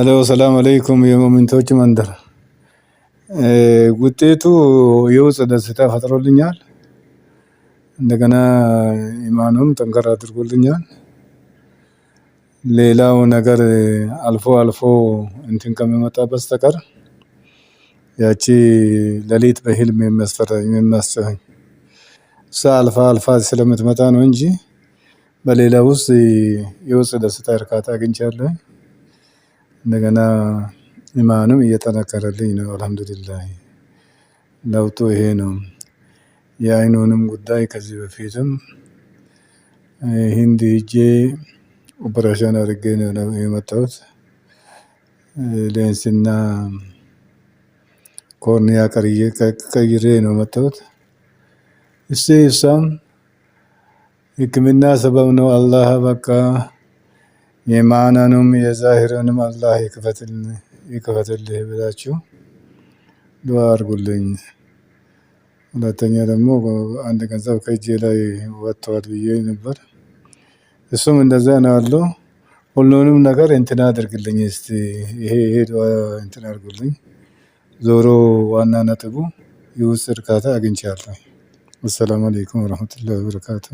አሎ ሰላም አለይኩም የሞሚንቶች መንደር eh, ውጤቱ የውስጥ ደስታ ፈጥሮልኛል። እንደገና ኢማኑም ጠንከር አድርጎልኛል። ሌላው ነገር አልፎ አልፎ እንትን ከሚመጣ በስተቀር ያቺ ሌሊት በህልም የሚያስፈራኝ እሷ አልፋ አልፋ ስለምትመጣ ነው እንጂ በሌላ ውስጥ የውስጥ ደስታ እርካታ አግኝቻለሁ። እንደገና ኢማኑም እየጠነከረልኝ ነው። አልሐምዱሊላህ ለውጡ ይሄ ነው። የአይኑንም ጉዳይ ከዚህ በፊትም ሂንድ ሂጄ ኦፕሬሽን አድርጌ ነው የመጣሁት። ሌንስና ኮርኒያ ቀይሬ ነው መጣሁት። እሴ እሷም ህክምና ሰበብ ነው። አላህ በቃ የማናኑም የዛሂርንም አላህ ይክፈትልህ ብላችሁ ዱዓ አድርጉልኝ። ሁለተኛ ደግሞ አንድ ገንዘብ ከእጄ ላይ ወጥተዋል ብዬ ነበር። እሱም እንደዛ ነው ያለው። ሁሉንም ነገር እንትና አድርግልኝ እስቲ ይሄ ይሄ ዱዓ እንትና አድርጉልኝ። ዞሮ ዋና ነጥቡ የውስጥ እርካታ አግኝቻለሁ። አሰላሙ አለይኩም ወረህመቱላሂ ወበረካቱ።